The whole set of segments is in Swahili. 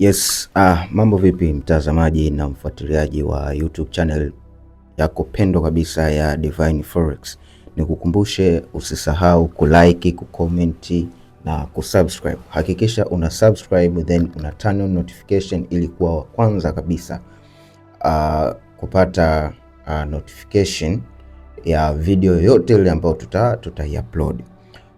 Yes, ah, mambo vipi mtazamaji na mfuatiliaji wa YouTube channel yako pendwa kabisa ya Divine Forex. Nikukumbushe usisahau kulike, kucomment na kusubscribe. Hakikisha una subscribe then una turn on notification ili kuwa wa kwanza kabisa ah, kupata ah, notification ya video yote ile ambayo tuta tutaiupload.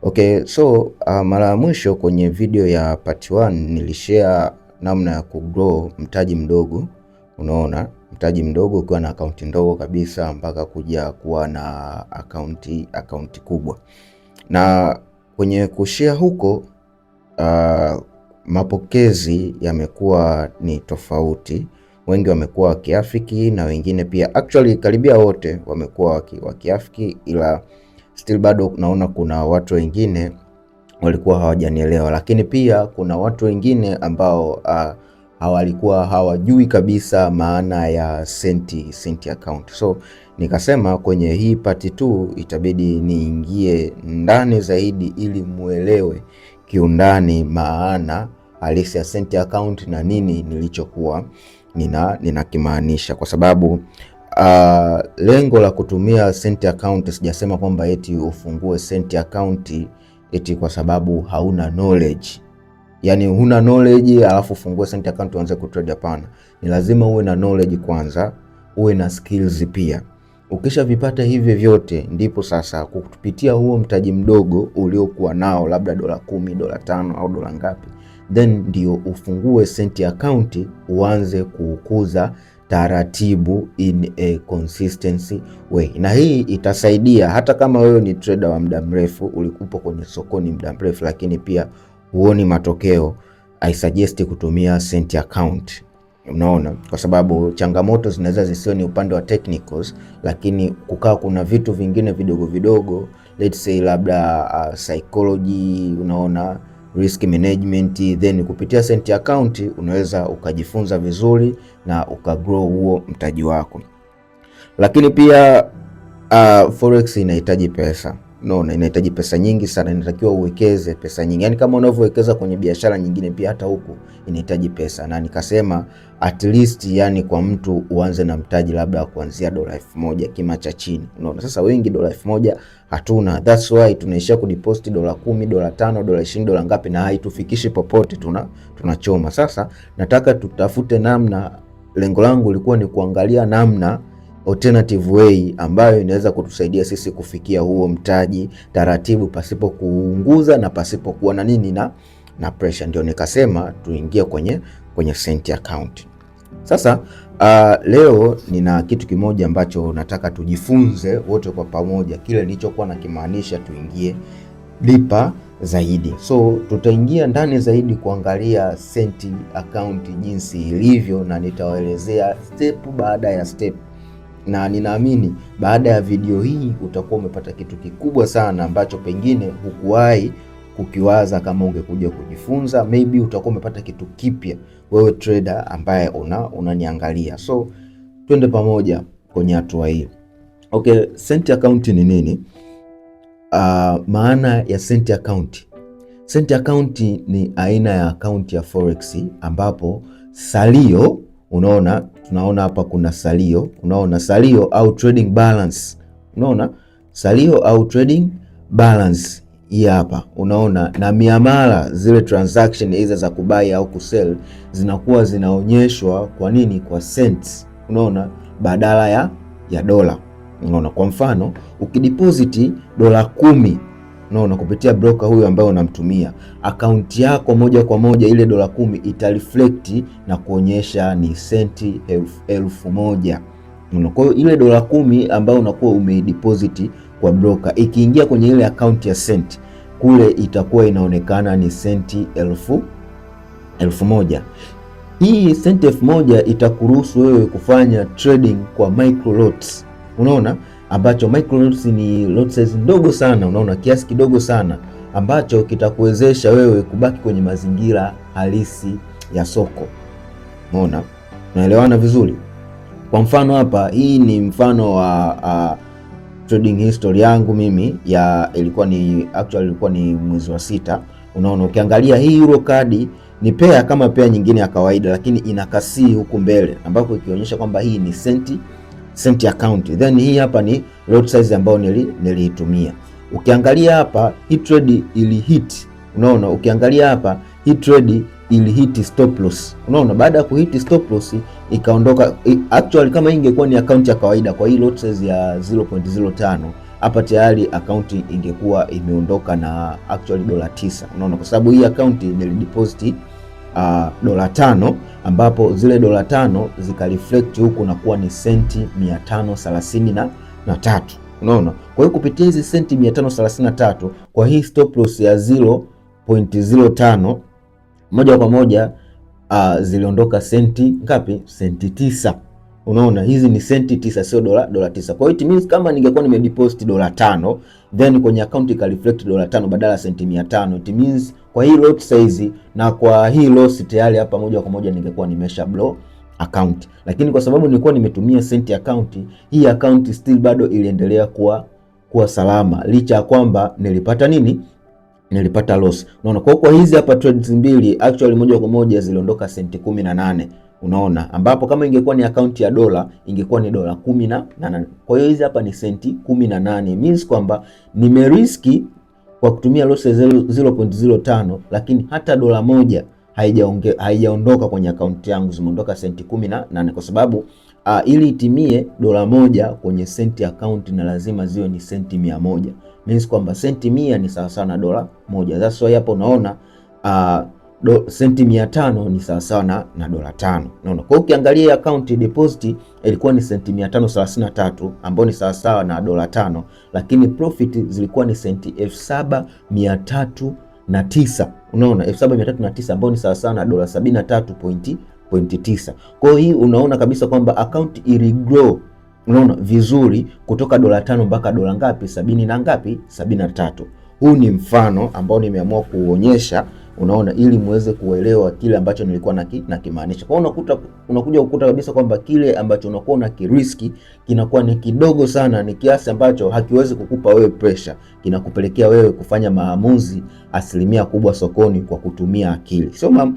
Okay, so ah, mara ya mwisho kwenye video ya part 1 nilishare namna ya kugrow mtaji mdogo. Unaona, mtaji mdogo ukiwa na akaunti ndogo kabisa mpaka kuja kuwa na akaunti akaunti kubwa. Na kwenye kushia huko, uh, mapokezi yamekuwa ni tofauti. Wengi wamekuwa wakiafiki na wengine pia, actually karibia wote wamekuwa wakiafiki, ila still bado naona kuna watu wengine walikuwa hawajanielewa, lakini pia kuna watu wengine ambao uh, hawalikuwa hawajui kabisa maana ya senti, senti account. So nikasema kwenye hii pati tu itabidi niingie ndani zaidi ili muelewe kiundani maana halisi ya senti account na nini nilichokuwa nina ninakimaanisha kwa sababu uh, lengo la kutumia senti account sijasema kwamba eti ufungue senti account eti kwa sababu hauna knowledge. Yaani huna knowledge alafu ufungue sent account uanze kutrade? Hapana, ni lazima uwe na knowledge kwanza, uwe na skills pia. Ukishavipata hivi vyote, ndipo sasa kupitia huo mtaji mdogo uliokuwa nao, labda dola kumi, dola tano au dola ngapi, then ndio ufungue senti akaunti uanze kuukuza taratibu in a consistency way, na hii itasaidia hata kama wewe ni trader wa muda mrefu, ulikupo kwenye sokoni muda mrefu, lakini pia huoni matokeo, I suggest kutumia cent account. Unaona, kwa sababu changamoto zinaweza zisio ni upande wa technicals, lakini kukaa kuna vitu vingine vidogo vidogo, let's say labda uh, psychology, unaona risk management, then kupitia cent account unaweza ukajifunza vizuri na ukagrow huo mtaji wako. Lakini pia uh, forex inahitaji pesa no, na inahitaji pesa nyingi sana, inatakiwa uwekeze pesa nyingi, yani kama unavyowekeza kwenye biashara nyingine, pia hata huku inahitaji pesa. Na nikasema at least, yani kwa mtu uanze na mtaji labda wa kuanzia dola elfu moja kima cha chini. Unaona, sasa wengi dola elfu moja hatuna, that's why tunaishia kudeposit dola kumi, dola tano, dola ishirini, dola ngapi, na haitufikishi popote, tuna tunachoma. Sasa nataka tutafute namna lengo langu ilikuwa ni kuangalia namna alternative way ambayo inaweza kutusaidia sisi kufikia huo mtaji taratibu, pasipo kuunguza na pasipo kuwa na nini na na pressure. Ndio nikasema tuingie kwenye kwenye senti account. Sasa uh, leo nina kitu kimoja ambacho nataka tujifunze wote kwa pamoja, kile nilichokuwa nakimaanisha tuingie lipa zaidi. So tutaingia ndani zaidi kuangalia senti akaunti jinsi ilivyo, na nitawaelezea step baada ya step, na ninaamini baada ya video hii utakuwa umepata kitu kikubwa sana ambacho pengine hukuwahi kukiwaza kama ungekuja kujifunza. Maybe utakuwa umepata kitu kipya wewe trader ambaye unaniangalia, so twende pamoja kwenye hatua hii. Okay, senti akaunti ni nini? Uh, maana ya cent account. Cent account ni aina ya account ya forex ambapo salio, unaona tunaona hapa kuna salio, unaona salio au trading balance, unaona salio au trading balance hii hapa unaona, na miamala zile transaction hizo za kubai au kusell zinakuwa zinaonyeshwa. Kwa nini? Kwa cents, unaona badala ya, ya dola. Unaona, kwa mfano ukidipoziti dola kumi unaona, kupitia broker huyo ambaye unamtumia akaunti yako, moja kwa moja ile dola kumi itareflect na kuonyesha ni senti elfu, elfu moja. Kwa hiyo ile dola kumi ambayo unakuwa umeideposit kwa broker ikiingia kwenye ile akaunti ya senti kule itakuwa inaonekana ni senti elfu, elfu moja. Hii senti elfu moja itakuruhusu wewe kufanya trading kwa micro lots unaona, ambacho microloans ni lot size ndogo sana, unaona, kiasi kidogo sana ambacho kitakuwezesha wewe kubaki kwenye mazingira halisi ya soko. Unaona, naelewana vizuri. Kwa mfano hapa, hii ni mfano wa uh, trading history yangu mimi ya ilikuwa ni actually ilikuwa ni mwezi wa sita. Unaona, ukiangalia hii euro card ni pea kama pea nyingine ya kawaida, lakini ina kasii huku mbele ambako ikionyesha kwamba hii ni senti sent account. Then hii hapa ni lot size ambayo niliitumia ukiangalia hapa hii trade ili hit, unaona ukiangalia hapa hii trade ili hit stop loss, unaona baada ya kuhit stop loss ikaondoka. Actually kama ingekuwa ni account ya kawaida kwa hii lot size ya 0.05 hapa tayari account ingekuwa imeondoka na actually dola 9, unaona, kwa sababu hii account nilideposit uh, dola tano ambapo zile dola tano zikareflect huku na kuwa ni senti 533 na tatu. Unaona, kwa hiyo kupitia hizi senti 533 kwa hii stop loss ya 0.05 moja kwa moja uh, ziliondoka senti ngapi? Senti tisa. Unaona, hizi ni senti tisa, sio dola dola tisa. Kwa hiyo it means kama ningekuwa nimedeposit dola tano then kwenye account ika reflect dola tano badala ya senti 500. It means kwa hii lot size na kwa hii loss tayari hapa moja kwa moja ningekuwa nimesha blow account, lakini kwa sababu nilikuwa nimetumia senti account, hii account still bado iliendelea kuwa kuwa salama licha ya kwamba nilipata nini nilipata loss. Unaona, kwa kwa hizi hapa trades mbili actually moja kwa moja ziliondoka senti 18. Unaona, ambapo kama ingekuwa ni akaunti ya dola ingekuwa ni dola 18. Kwa hiyo hizi hapa ni senti 18, means kwamba nimeriski kwa kutumia losses 0.05 lakini hata dola moja haijaondoka kwenye akaunti yangu, zimeondoka senti 18 kwa sababu uh, ili itimie dola moja kwenye senti account na lazima ziwe ni senti 100 means kwamba senti 100 ni sawa na dola moja. That's why hapo unaona uh, do, senti mia tano ni sawasawa na, na dola tano. Unaona, kwa hiyo ukiangalia account deposit ilikuwa ni senti mia tano thelathini na tatu ambayo ni sawasawa na dola tano, lakini profit zilikuwa ni senti elfu saba mia tatu na tisa. Unaona, elfu saba mia tatu na tisa ambayo ni sawasawa na dola sabini na tatu pointi pointi tisa. Kwa hiyo hii unaona kabisa kwamba account ili grow unaona vizuri kutoka dola tano mpaka dola ngapi? sabini na ngapi? sabini na tatu. Huu ni mfano ambao nimeamua kuuonyesha Unaona, ili muweze kuelewa kile ambacho nilikuwa naki, nakimaanisha. Kwa hiyo unakuta unakuja kukuta kabisa kwamba kile ambacho unakuwa na kiriski kinakuwa ni kidogo sana, ni kiasi ambacho hakiwezi kukupa wewe pressure, kinakupelekea wewe kufanya maamuzi asilimia kubwa sokoni kwa kutumia akili, sio ma,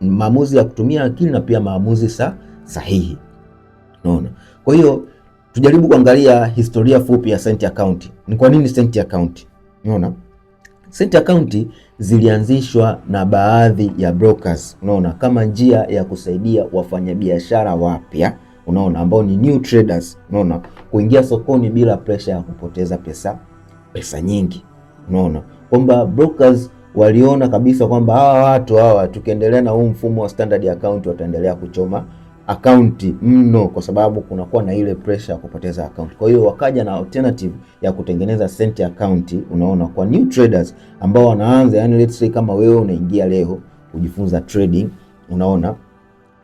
maamuzi ya kutumia akili na pia maamuzi sa, sahihi. Unaona, kwa hiyo tujaribu kuangalia historia fupi ya Sentia County. Ni kwa nini Sentia County? Unaona? sent account zilianzishwa na baadhi ya brokers, unaona, kama njia ya kusaidia wafanyabiashara wapya, unaona, ambao ni new traders, unaona, kuingia sokoni bila pressure ya kupoteza pesa pesa nyingi, unaona kwamba brokers waliona kabisa kwamba hawa watu hawa tukiendelea na huu mfumo wa standard account wataendelea kuchoma akaunti mno, kwa sababu kunakuwa na ile pressure ya kupoteza akaunti. Kwa hiyo wakaja na alternative ya kutengeneza cent account, unaona, kwa new traders ambao wanaanza, yani let's say kama wewe unaingia leo kujifunza trading, unaona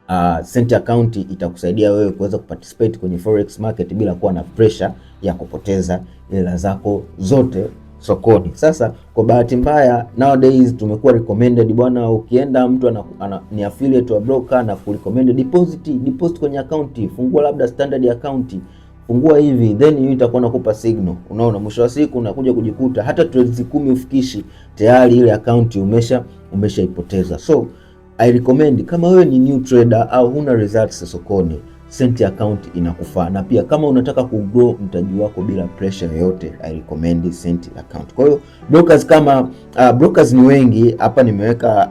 Uh, ah, cent account itakusaidia wewe kuweza kuparticipate kwenye forex market bila kuwa na pressure ya kupoteza hela zako zote sokoni. Sasa kwa bahati mbaya nowadays tumekuwa recommended bwana, ukienda mtu ana, ana, ni affiliate wa broker na kurecommend deposit, deposit kwenye account, fungua labda standard account, fungua hivi, then hiyo itakuwa nakupa signal. Unaona, mwisho wa siku unakuja kujikuta hata trades kumi ufikishi, tayari ile account umesha umeshaipoteza. So I recommend kama wewe ni new trader au huna results sokoni senti account inakufaa, na pia kama unataka kugrow mtaji wako bila pressure yoyote, I recommend senti account. Kwa hiyo brokers kama uh, brokers ni wengi hapa, nimeweka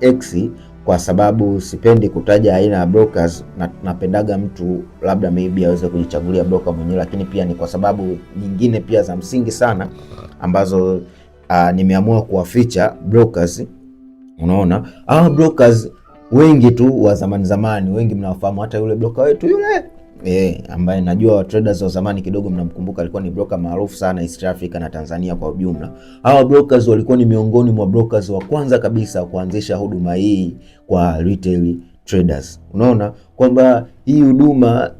XX kwa sababu sipendi kutaja aina ya brokers na, napendaga mtu labda maybe aweze kujichagulia broker mwenyewe, lakini pia ni kwa sababu nyingine pia za msingi sana ambazo uh, nimeamua kuwaficha brokers. Unaona hawa ah, brokers wengi tu wa zamani zamani, wengi mnawafahamu, hata yule broker wetu yule E, ambaye najua traders wa zamani kidogo mnamkumbuka, alikuwa ni broker maarufu sana East Africa na Tanzania kwa ujumla. Hawa brokers walikuwa ni miongoni mwa brokers wa kwanza kabisa kuanzisha huduma hii kwa retail traders. Unaona kwamba hii huduma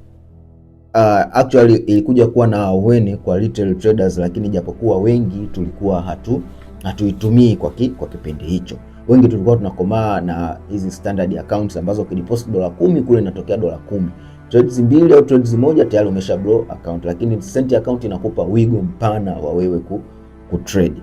uh, actually ilikuja kuwa na aweni kwa retail traders, lakini japokuwa wengi tulikuwa hatu hatuitumii kwa, ki, kwa kipindi hicho wengi tulikuwa tunakomaa na hizi standard accounts ambazo ukideposit dola kumi kule inatokea dola kumi trades mbili au trades moja tayari umesha blow account, lakini cent account inakupa wigo mpana wa wewe ku, ku trade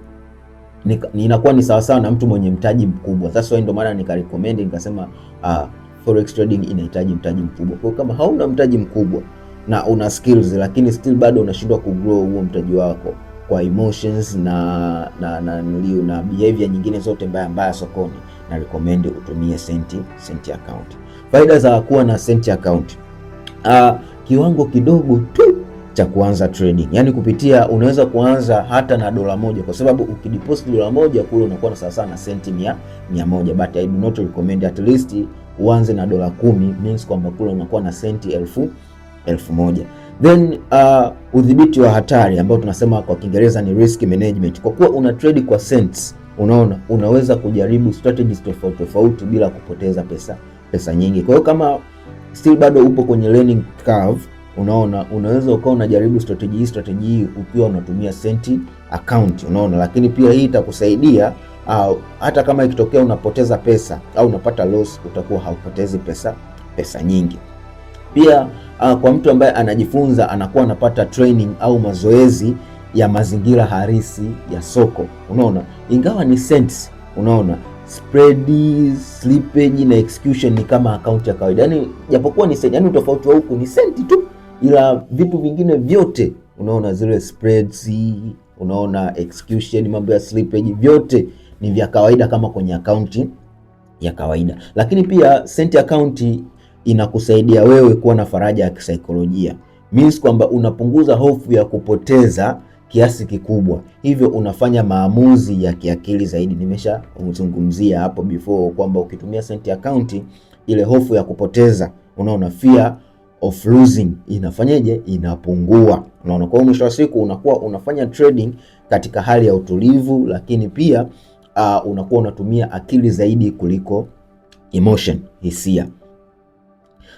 ni, inakuwa ni sawa sawa na mtu mwenye mtaji mkubwa. Sasa ndio maana nikarecommend nikasema, uh, forex trading inahitaji mtaji mkubwa. Kwa kama hauna mtaji mkubwa na una skills lakini still bado unashindwa ku grow huo mtaji wako kwa emotions na na na, na behavior nyingine zote mbaya mbaya sokoni, na recommend utumie senti senti account. Faida za kuwa na senti account uh, kiwango kidogo tu cha kuanza trading, yani kupitia unaweza kuanza hata na dola moja, kwa sababu ukideposit dola moja kule unakuwa na sawasawa na senti mia, mia moja but I do not recommend, at least uanze na dola kumi means kwamba kule unakuwa na senti elfu elfu moja. Then uh, udhibiti wa hatari ambao tunasema kwa Kiingereza ni risk management. Kwa kuwa una trade kwa cents, unaona unaweza kujaribu strategies tofauti tofauti bila kupoteza pesa pesa nyingi. Kwa hiyo kama still bado upo kwenye learning curve, unaona unaweza ukawa unajaribu strategy hii strategy hii ukiwa unatumia senti account, unaona, lakini pia hii itakusaidia uh, hata kama ikitokea unapoteza pesa au unapata loss, utakuwa haupotezi pesa pesa nyingi. Pia uh, kwa mtu ambaye anajifunza anakuwa anapata training au mazoezi ya mazingira halisi ya soko, unaona, ingawa ni cents, unaona spread, slippage na execution ni kama akaunti ya kawaida, yani, japokuwa ni cents, yani utofauti wa huku ni cents tu, ila vitu vingine vyote unaona, zile spreads, unaona execution, mambo ya slippage, vyote ni vya kawaida kama kwenye akaunti ya kawaida. Lakini pia cent account inakusaidia wewe kuwa na faraja ya kisaikolojia means kwamba unapunguza hofu ya kupoteza kiasi kikubwa, hivyo unafanya maamuzi ya kiakili zaidi. Nimeshazungumzia hapo before kwamba ukitumia senti account, ile hofu ya kupoteza, unaona fear of losing inafanyeje? Inapungua. Unaona, kwa mwisho wa siku unakuwa unafanya trading katika hali ya utulivu, lakini pia uh, unakuwa unatumia akili zaidi kuliko emotion, hisia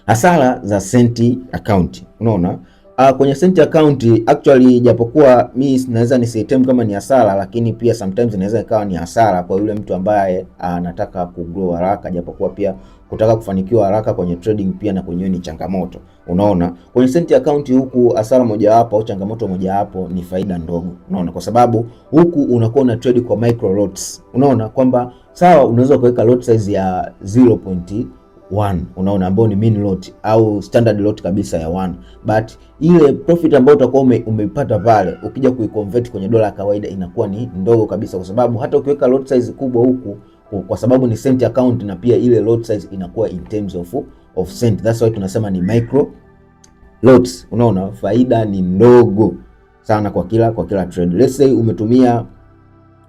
hasara za senti account. Unaona uh, kwenye senti account actually, japokuwa mi naweza nisiitem kama ni hasara, lakini pia sometimes inaweza ikawa ni hasara kwa yule mtu ambaye ah, anataka uh, kugrow haraka, japokuwa pia kutaka kufanikiwa haraka kwenye trading pia na kwenye ni changamoto. Unaona, kwenye senti account huku hasara mojawapo au changamoto mojawapo ni faida ndogo. Unaona, kwa sababu huku unakuwa una trade kwa micro lots. Unaona kwamba sawa, unaweza kuweka lot size ya 1 unaona, ambao ni mean lot au standard lot kabisa ya 1, but ile profit ambayo utakuwa ume, umeipata pale ukija kuiconvert kwenye dola ya kawaida inakuwa ni ndogo kabisa, kwa sababu hata ukiweka lot size kubwa huku, kwa sababu ni cent account, na pia ile lot size inakuwa in terms of of cent, that's why tunasema ni micro lots. Unaona, faida ni ndogo sana kwa kila kwa kila trade. Let's say umetumia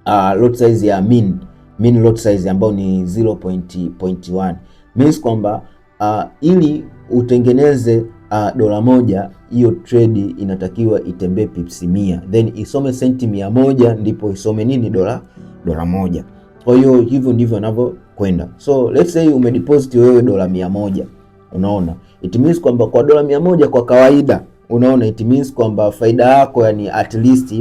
uh, lot size ya min min lot size ambayo ni 0.1 means kwamba uh, ili utengeneze uh, dola moja, hiyo trade inatakiwa itembee pips mia, then isome senti mia moja ndipo isome nini dola dola moja. Kwa hiyo hivyo ndivyo anavyokwenda. So let's say umedeposit wewe dola mia moja, unaona it means kwamba kwa dola mia moja kwa kawaida, unaona it means kwamba faida yako yani at least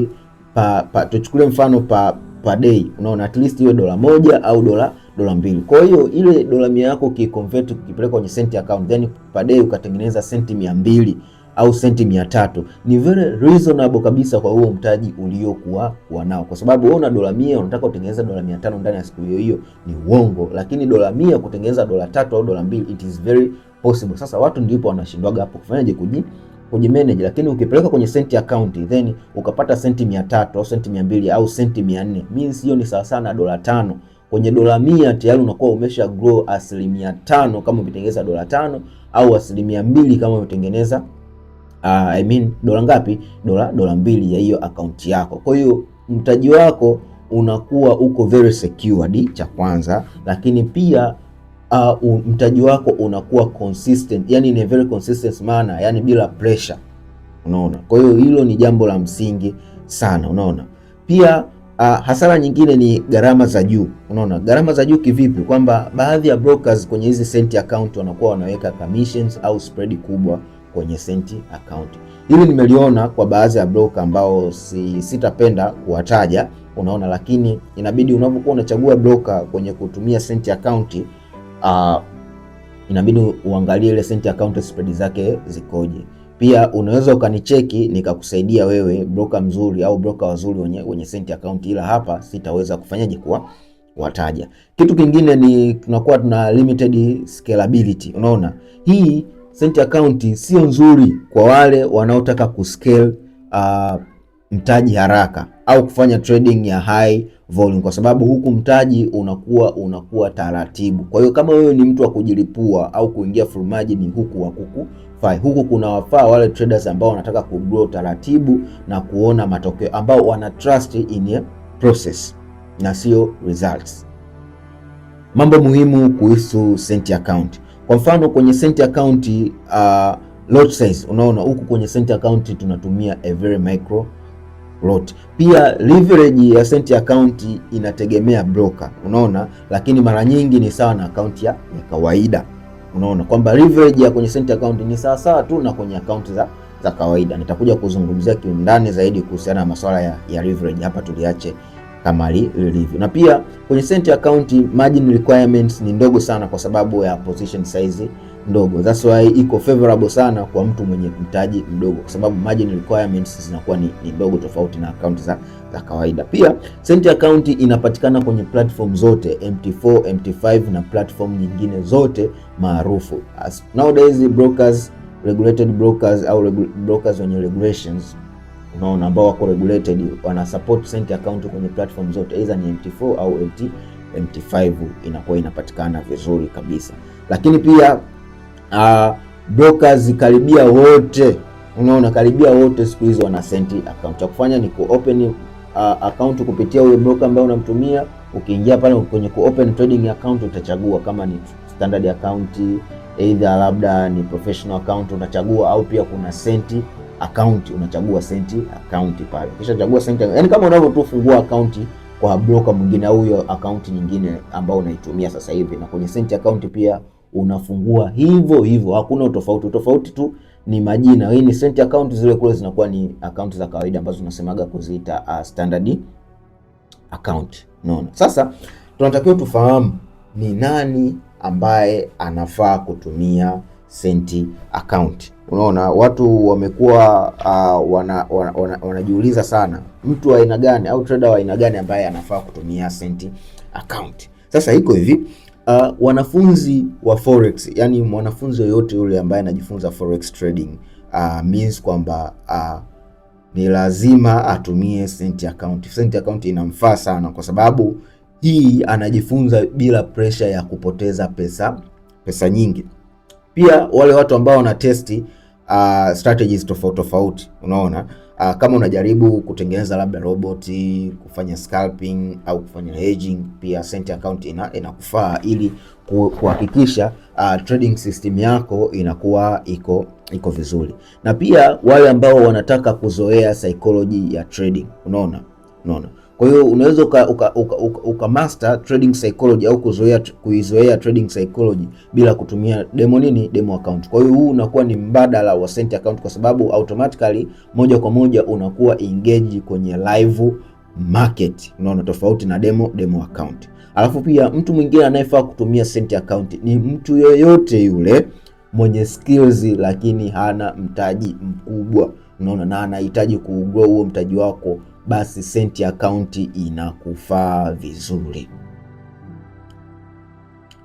pa, pa tuchukulie mfano pa, pa day, unaona at least iwe dola moja au dola dola mbili. Kwa hiyo ile dola mia yako ukiconvert ukipeleka kwenye senti account, then per day ukatengeneza senti mia mbili au senti mia tatu ni very reasonable kabisa kwa huo mtaji uliokuwa kuwa nao, kwa sababu wewe una dola mia unataka utengeneza dola mia tano ndani ya siku hiyo hiyo, ni uongo. Lakini dola mia kutengeneza dola tatu au dola mbili, it is very possible. Sasa watu ndipo wanashindwaga hapo kufanyaje, kuji kujimanage. Lakini ukipeleka kwenye senti account then ukapata senti mia tatu au senti mia mbili au senti mia nne means hiyo ni sawa sana dola tano kwenye dola mia tayari unakuwa umesha grow asilimia tano kama umetengeneza dola tano au asilimia mbili kama umetengeneza uh, I mean dola ngapi? Dola dola mbili ya hiyo akaunti yako. Kwa hiyo mtaji wako unakuwa uko very secured, cha kwanza, lakini pia uh, mtaji wako unakuwa consistent, yani ni very consistent maana, yani bila pressure, unaona. Kwa hiyo hilo ni jambo la msingi sana, unaona pia Uh, hasara nyingine ni gharama za juu. Unaona, gharama za juu kivipi? Kwamba baadhi ya brokers kwenye hizi senti account wanakuwa wanaweka commissions au spread kubwa kwenye senti account. Hili nimeliona kwa baadhi ya broker ambao si, sitapenda kuwataja, unaona, lakini inabidi unapokuwa unachagua broker kwenye kutumia senti account uh, inabidi uangalie ile senti account spread zake zikoje. Pia unaweza ukanicheki nikakusaidia wewe broker mzuri au broker wazuri wenye, wenye senti account, ila hapa sitaweza kufanyaje kuwa wataja. Kitu kingine ni tunakuwa tuna limited scalability. Unaona hii senti account sio nzuri kwa wale wanaotaka kuscale uh, mtaji haraka au kufanya trading ya high volume, kwa sababu huku mtaji unakuwa unakuwa taratibu. Kwa hiyo kama wewe ni mtu wa kujilipua au kuingia full margin, huku wa kuku hawafai. Huku kuna wafaa wale traders ambao wanataka kugrow taratibu na kuona matokeo, ambao wana trust in a process na sio results. Mambo muhimu kuhusu senti account, kwa mfano kwenye senti account uh, lot size, unaona huku kwenye senti account tunatumia a very micro lot. Pia leverage ya senti account inategemea broker, unaona, lakini mara nyingi ni sawa na account ya, ya kawaida. Unaona kwamba leverage ya kwenye sent account ni sawa sawa tu na kwenye account za za kawaida. Nitakuja kuzungumzia kiundani zaidi kuhusiana na masuala ya, ya leverage, hapa tuliache kama lilivyo. Na pia kwenye sent account margin requirements ni ndogo sana kwa sababu ya position size ndogo. That's why iko favorable sana kwa mtu mwenye mtaji mdogo, kwa sababu margin requirements zinakuwa ni, ni ndogo tofauti na akaunti za, za kawaida. Pia Centi account inapatikana kwenye platform zote MT4, MT5 na platform nyingine zote maarufu. As Nowadays brokers, regulated brokers au regu brokers wenye regulations unaona, ambao wako regulated wana support Centi account kwenye platform zote, either ni MT4 au MT, MT5 inakuwa inapatikana vizuri kabisa, lakini pia uh, ah, brokers karibia wote, unaona karibia wote siku hizi wana senti account. Cha kufanya ni ku open uh, account kupitia ule broker ambao unamtumia. Ukiingia pale kwenye ku open trading account utachagua kama ni standard account either labda ni professional account unachagua, au pia kuna sent account unachagua sent account pale, kisha chagua senti, yani kama unavyotufungua account kwa broker mwingine au hiyo account nyingine ambayo unaitumia sasa hivi. Na kwenye sent account pia unafungua hivyo hivyo, hakuna utofauti. Utofauti tu ni majina. Hii ni cent account, zile kule zinakuwa ni account za kawaida ambazo unasemaga kuziita uh, standard account. Unaona, sasa tunatakiwa tufahamu ni nani ambaye anafaa kutumia cent account. Unaona, watu wamekuwa uh, wana, wana, wana, wanajiuliza sana mtu wa aina gani au trader wa aina gani ambaye anafaa kutumia cent account. Sasa iko hivi Uh, wanafunzi wa forex, yani mwanafunzi yoyote yule ambaye anajifunza forex trading uh, means kwamba uh, ni lazima atumie cent account. Cent account inamfaa sana kwa sababu hii anajifunza bila pressure ya kupoteza pesa pesa nyingi. Pia wale watu ambao wanatesti uh, strategies tofauti tofauti, unaona Uh, kama unajaribu kutengeneza labda roboti, kufanya scalping au kufanya hedging, pia cent account ina inakufaa ili kuhakikisha uh, trading system yako inakuwa iko iko vizuri, na pia wale ambao wanataka kuzoea psychology ya trading, unaona unaona kwa hiyo unaweza uka, uka, uka, uka, uka master trading psychology au kuzoea kuizoea trading psychology bila kutumia demo nini demo account. Kwa hiyo huu unakuwa ni mbadala wa sent account kwa sababu automatically moja kwa moja unakuwa engaged kwenye live market. Unaona tofauti na demo demo account. Alafu pia mtu mwingine anayefaa kutumia sent account ni mtu yoyote yule mwenye skills lakini hana mtaji mkubwa. Unaona na anahitaji kuugrow huo mtaji wako basi senti account inakufaa vizuri.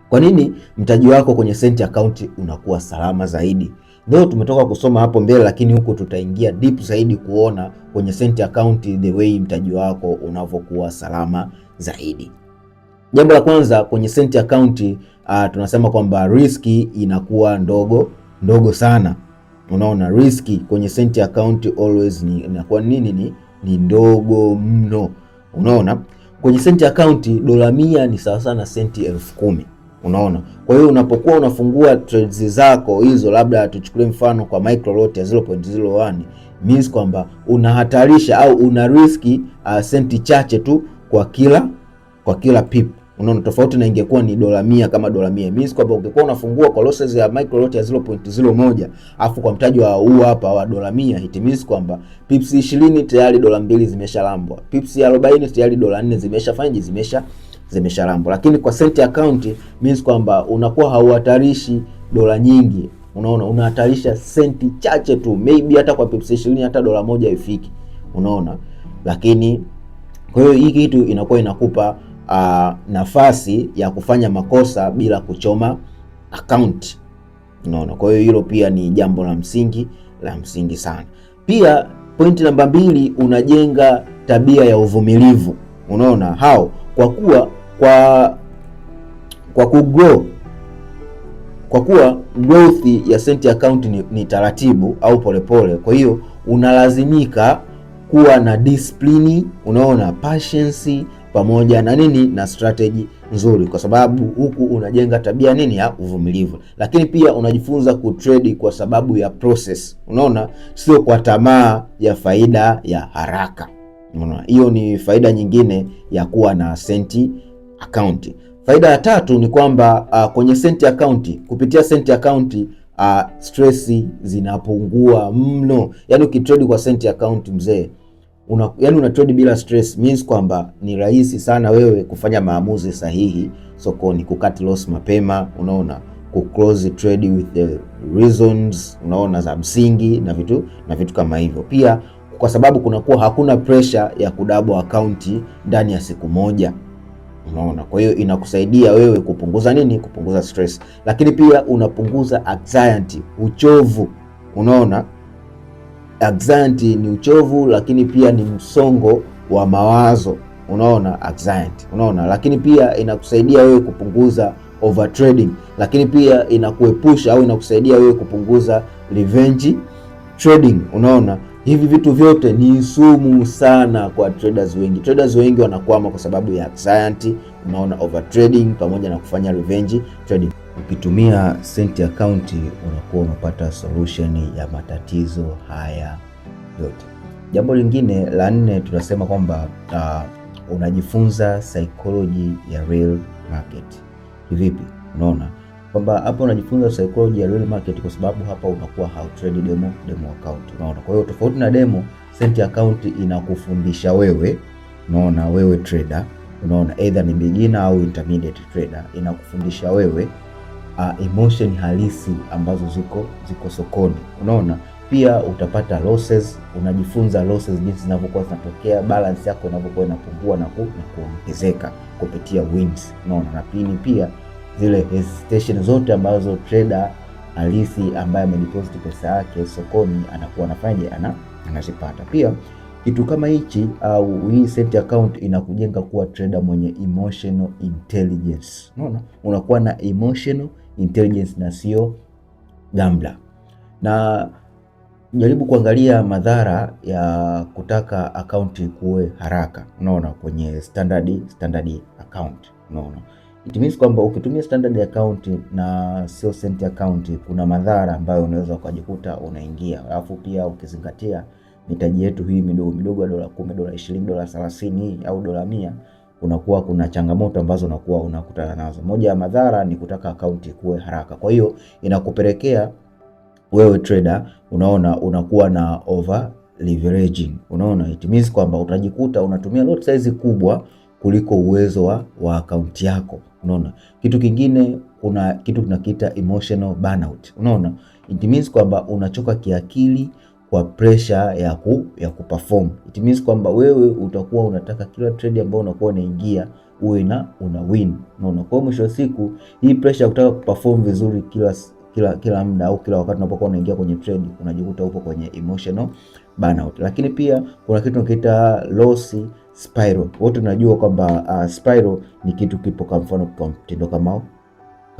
Kwa nini mtaji wako kwenye senti account unakuwa salama zaidi? Leo tumetoka kusoma hapo mbele, lakini huko tutaingia deep zaidi kuona kwenye senti account the way mtaji wako unavyokuwa salama zaidi. Jambo la kwanza kwenye senti account uh, ah, tunasema kwamba riski inakuwa ndogo ndogo sana. Unaona riski kwenye senti account always ni inakuwa nini ni ni ndogo mno. Unaona, kwenye senti account dola mia ni sawa sana senti elfu kumi. Unaona, kwa hiyo unapokuwa unafungua trades zako hizo, labda tuchukulie mfano kwa micro lot ya 0.01 means kwamba unahatarisha au una riski uh, senti chache tu kwa kila kwa kila pip Unaona tofauti na ingekuwa ni dola mia kama dola mia. Means kwamba ungekuwa unafungua kwa losses ya micro lot ya 0.01 afu kwa mtaji wa huu hapa wa dola mia, it means kwamba pips 20 tayari dola mbili zimeshalambwa. Pips 40 tayari dola nne zimeshafanya zimesha zimeshalambwa. Lakini kwa cent account means kwamba unakuwa hauhatarishi dola nyingi. Unaona unahatarisha senti chache tu, maybe hata kwa pips 20 hata dola moja ifiki Unaona? Lakini kwa hiyo hii kitu inakuwa inakupa uh, nafasi ya kufanya makosa bila kuchoma account. Unaona, kwa hiyo hilo pia ni jambo la msingi la msingi sana. Pia pointi namba mbili, unajenga tabia ya uvumilivu. Unaona hao kwa kuwa kwa kwa kugrow kwa kuwa growth ya senti account ni, ni taratibu au polepole. Kwa hiyo unalazimika kuwa na discipline, unaona patience pamoja na nini na strategy nzuri, kwa sababu huku unajenga tabia nini ya uvumilivu, lakini pia unajifunza kutrade kwa sababu ya process, unaona, sio kwa tamaa ya faida ya haraka. Unaona, hiyo ni faida nyingine ya kuwa na sent account. Faida ya tatu ni kwamba uh, kwenye senti account, kupitia senti account uh, stress zinapungua mno. yani ukitrade kwa senti account mzee una, yani una trade bila stress means kwamba ni rahisi sana wewe kufanya maamuzi sahihi sokoni, kukat loss mapema, unaona ku close trade with the reasons, unaona za msingi na vitu na vitu kama hivyo pia, kwa sababu kunakuwa hakuna pressure ya kudabo akaunti ndani ya siku moja. Unaona, kwa hiyo inakusaidia wewe kupunguza nini? Kupunguza stress, lakini pia unapunguza anxiety, uchovu. Unaona anxiety ni uchovu, lakini pia ni msongo wa mawazo. Unaona anxiety, unaona, lakini pia inakusaidia wewe kupunguza overtrading, lakini pia inakuepusha au inakusaidia wewe kupunguza revenge trading. Unaona, hivi vitu vyote ni sumu sana kwa traders wengi. Traders wengi wanakwama kwa sababu ya anxiety, unaona, overtrading pamoja na kufanya revenge trading. Ukitumia Centi Account unakuwa unapata solution ya matatizo haya yote. Jambo lingine la nne tunasema kwamba uh, unajifunza psychology ya real market. Kivipi? Unaona kwamba hapa unajifunza psychology ya real market kwa sababu hapa unakuwa how trade demo demo account. Unaona, kwa hiyo tofauti na demo, Centi Account inakufundisha wewe, unaona, wewe trader, unaona, either ni beginner au intermediate trader, inakufundisha wewe uh, emotion halisi ambazo ziko ziko sokoni, unaona. Pia utapata losses, unajifunza losses jinsi zinavyokuwa zinatokea, balance yako inavyokuwa inapungua na kuongezeka kupitia wins, unaona. Na pini pia zile hesitation zote ambazo trader halisi ambaye amedeposit pesa yake sokoni anakuwa anafanya ana anazipata pia kitu kama hichi au hii set account inakujenga kuwa trader mwenye emotional intelligence. Unaona, unakuwa na emotional intelligence na sio gambla. Na jaribu kuangalia madhara ya kutaka akaunti kuwe haraka, unaona kwenye standard, standard account, unaona it means kwamba ukitumia standard account na sio cent account, kuna madhara ambayo unaweza ukajikuta unaingia. Alafu pia ukizingatia mitaji yetu hii midogo midogo ya dola kumi, dola ishirini, dola thelathini au dola mia unakuwa kuna changamoto ambazo unakuwa unakutana nazo. Moja ya madhara ni kutaka akaunti kuwe haraka, kwa hiyo inakupelekea wewe trader, unaona unakuwa na over leveraging, unaona it means kwamba utajikuta unatumia lot size kubwa kuliko uwezo wa, wa akaunti yako. Unaona kitu kingine, kuna kitu tunakiita emotional burnout. Unaona it means kwamba unachoka kiakili kwa pressure ya, ku, ya kuperform. It means kwamba wewe utakuwa unataka kila trade ambayo unakuwa unaingia uwe na una win na unakuwa mwisho wa siku hii pressure ya kutaka kuperform vizuri kila kila kila muda au kila wakati unapokuwa unaingia kwenye trade unajikuta upo kwenye emotional burnout. Lakini pia kuna kitu tunakiita loss spiral. Wote tunajua kwamba uh, spiral ni kitu kipo kwa mfano kwa mtindo kama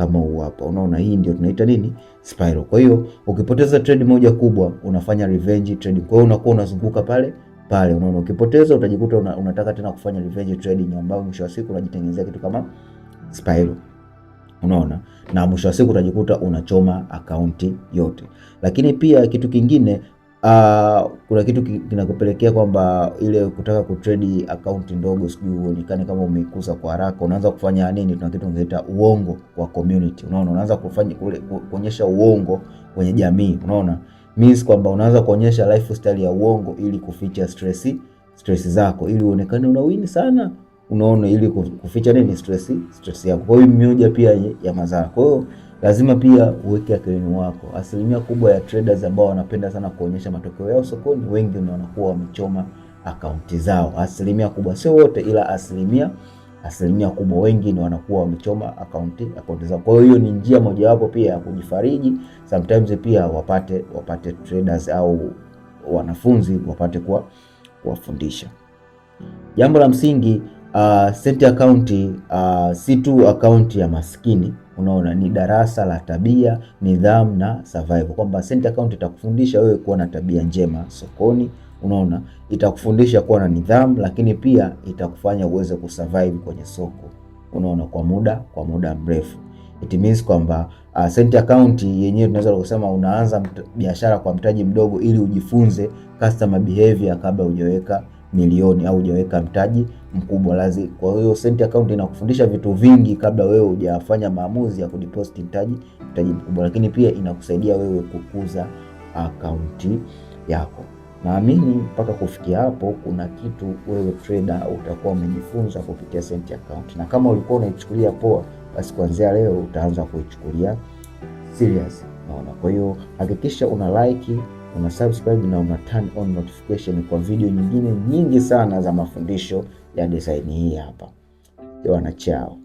kama huu hapa. Unaona, hii ndio tunaita nini, spiral. Kwa hiyo ukipoteza trade moja kubwa unafanya revenge trade, kwa hiyo unakuwa unazunguka pale pale. Unaona, ukipoteza utajikuta una, unataka tena kufanya revenge trading ambayo mwisho wa siku unajitengenezea kitu kama spiral. Unaona, na mwisho wa siku utajikuta unachoma akaunti yote. Lakini pia kitu kingine Uh, kuna kitu kinakupelekea kwamba ile kutaka kutredi akaunti ndogo sijui uonekane kama umeikuza kwa haraka, unaanza kufanya nini, tuna kitu tunaita uongo kwa community. Unaona, unaanza kufanya kuonyesha uongo kwenye jamii. Unaona means kwamba unaanza kuonyesha lifestyle ya uongo ili kuficha stress stress zako, ili uonekane una win sana unaona, ili kuficha nini? Stress, stress yako. Kwa hiyo mmoja pia ya madhara. Kwa hiyo lazima pia uweke akilini wako. Asilimia kubwa ya traders ambao wanapenda sana kuonyesha matokeo yao sokoni, wengi wanakuwa wamechoma akaunti zao. Asilimia kubwa, sio wote, ila asilimia asilimia kubwa, wengi ni wanakuwa wamechoma akaunti akaunti zao. Kwa hiyo ni njia mojawapo pia ya kujifariji, sometimes pia wapate wapate traders au wanafunzi wapate kuwafundisha. Jambo la msingi Uh, ah, seti akaunti uh, ah, si tu akaunti ya maskini. Unaona, ni darasa la tabia, nidhamu na survival, kwamba seti akaunti itakufundisha wewe kuwa na tabia njema sokoni. Unaona, itakufundisha kuwa na nidhamu, lakini pia itakufanya uweze kusurvive kwenye soko. Unaona, kwa muda kwa muda mrefu it means kwamba uh, ah, senti account yenyewe tunaweza kusema unaanza biashara kwa mtaji mdogo, ili ujifunze customer behavior kabla hujaweka milioni au hujaweka mtaji mkubwa lazi. Kwa hiyo senti account inakufundisha vitu vingi kabla wewe hujafanya maamuzi ya kudeposit mtaji mtaji mkubwa, lakini pia inakusaidia wewe kukuza akaunti yako. Naamini mpaka kufikia hapo kuna kitu wewe trader utakuwa umejifunza kupitia senti account, na kama ulikuwa unaichukulia poa, basi kuanzia leo utaanza kuichukulia serious. Naona, kwa hiyo hakikisha una like una subscribe na una turn on notification kwa video nyingine nyingi sana za mafundisho ya yaani design hii hapa, ikiwa na chao